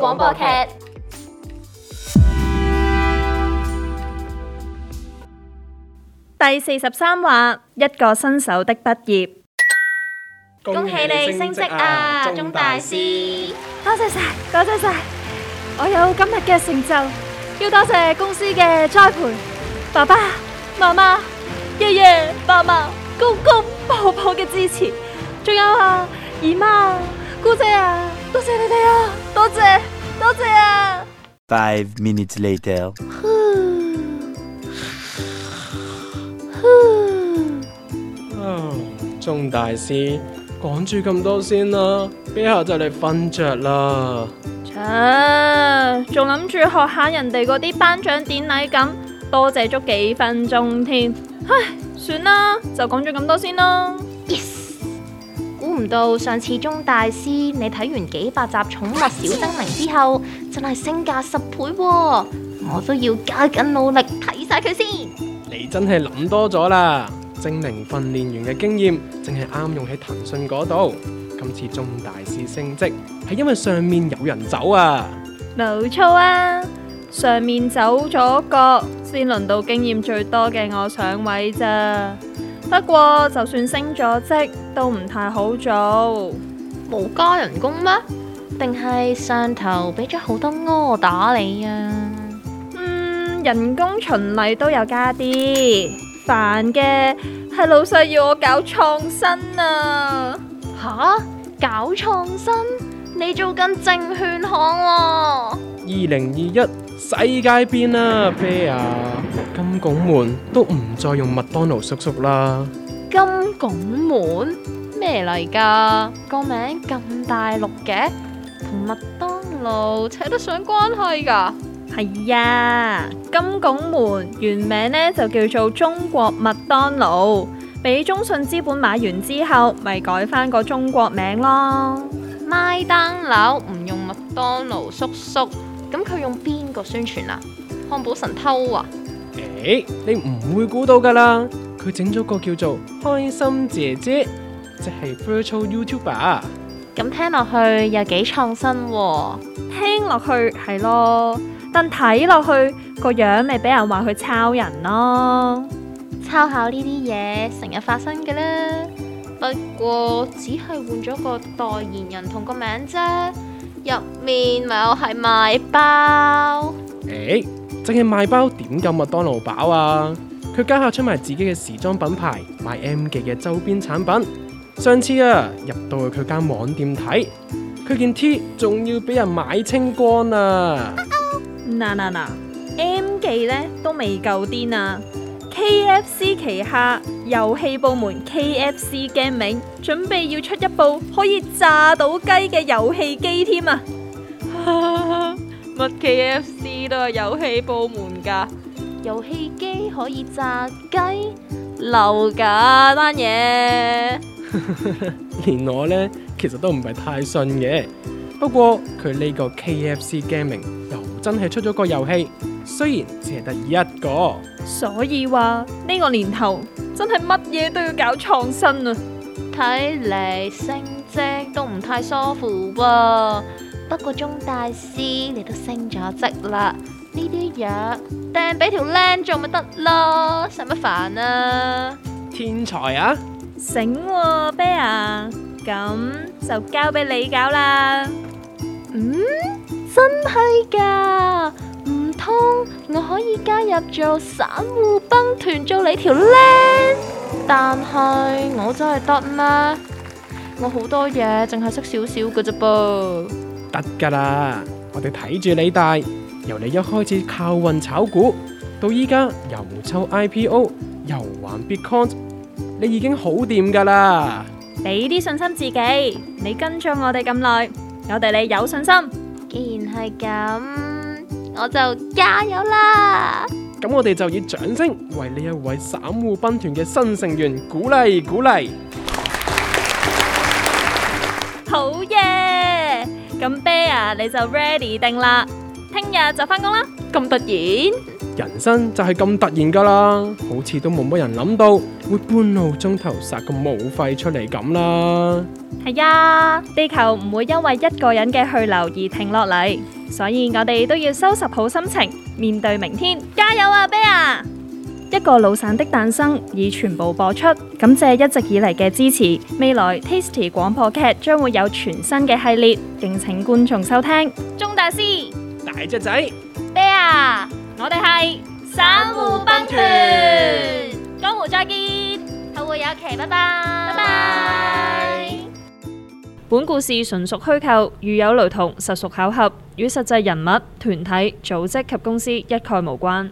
廣播劇第四十三話，一個新手的畢業。恭喜你升職啊，鍾大師！多謝晒，多謝晒！我有今日嘅成就，要多謝公司嘅栽培，爸爸媽媽、爺爺、嫲嫲、公公、婆婆嘅支持，仲有啊。五分鐘後。鍾大師，講住咁多先啦，之後就嚟瞓著啦。擦，仲諗住學下人哋嗰啲頒獎典禮咁，多謝足幾分鐘添。唉，算啦，就講咗咁多先啦。估唔到上次鐘大師，你睇完幾百集《寵物小精靈》之後，真係升價十倍啊，我都要加緊努力睇晒佢先。你真係諗多咗啦，精靈訓練員嘅經驗淨係啱用喺騰訊嗰度。今次鐘大師升職，係因為上面有人走啊。冇錯啊，上面走咗個，先輪到經驗最多嘅我上位咋。不過就算升咗職，都唔太好做。冇加人工咩？定係上頭俾咗好多柯打你啊？嗯，人工循例都有加啲，煩嘅係老細要我搞創新啊！吓、啊，搞創新？你做緊證券行喎、啊？二零二一世界變啦，啤牙，金拱門都唔再用麥當勞叔叔啦。金拱門咩嚟噶？個名咁大陸嘅，同麥當勞扯得上關係噶？係啊，金拱門原名呢就叫做中國麥當勞，俾中信資本買完之後，咪改翻個中國名咯。麥當勞唔用麥當勞叔叔，咁佢用邊個宣傳啊？漢堡神偷啊？誒、欸，你唔會估到㗎啦，佢整咗個叫做開心姐姐，即係 virtual YouTuber。咁、嗯、聽落去又幾創新，啊，聽落去係咯，但睇落去個樣咪俾人話佢抄人咯，抄考呢啲嘢成日發生嘅啦。不過只係換咗個代言人同個名啫，入面咪我係賣包。誒、欸。淨係賣包點夠麥當勞飽啊！佢家下出埋自己嘅時裝品牌，賣 M 記嘅周邊產品。上次啊，入到去佢間網店睇，佢件 T 仲要俾人買清光啊！嗱嗱嗱，M 記咧都未夠癲啊！KFC 旗下遊戲部門 KFC Gaming 準備要出一部可以炸到雞嘅遊戲機添啊！ 乜 KFC 都係遊戲部門㗎？遊戲機可以炸雞，流假單嘢，連我咧其實都唔係太信嘅。不過佢呢個 KFC Gaming 又真係出咗個遊戲，雖然只係得一個。所以話呢，呢個年頭真係乜嘢都要搞創新啊！睇嚟升職都唔太舒服喎、啊。不過鍾大師，你都升咗職啦，呢啲藥掟俾條僆做咪得咯，使乜煩啊？天才啊！醒喎，啤牙？咁就交俾你搞啦。嗯？真係噶？唔通我可以加入做散戶乓團做你條僆？但係我真係得咩？我好多嘢，淨係識少少嘅啫噃。得噶啦！我哋睇住你大，由你一開始靠運炒股，到依家又抽 IPO，又玩 Bitcoin，你已經好掂噶啦！俾啲信心自己，你跟咗我哋咁耐，我對你有信心。既然係咁，我就加油啦！咁我哋就以掌聲為你一位散戶軍團嘅新成員鼓勵鼓勵。好嘢！咁 bear 你就 ready 定啦，聽日就返工啦。咁突然，人生就係咁突然噶啦，好似都冇乜人諗到會半路中途殺個冒廢出嚟咁啦。係呀，地球唔會因為一個人嘅去留而停落嚟，所以我哋都要收拾好心情，面對明天，加油啊，bear！一個老散的誕生已全部播出，感謝一直以嚟嘅支持。未來 Tasty 廣播劇將會有全新嘅系列，敬請觀眾收聽。鍾大師，大隻仔啤牙我哋係散戶乓團，湖團江湖再見，後會有期，拜拜，拜拜 bye。本故事純屬虛構，如有雷同，實屬巧合，與實際人物、團體、組織及公司一概無關。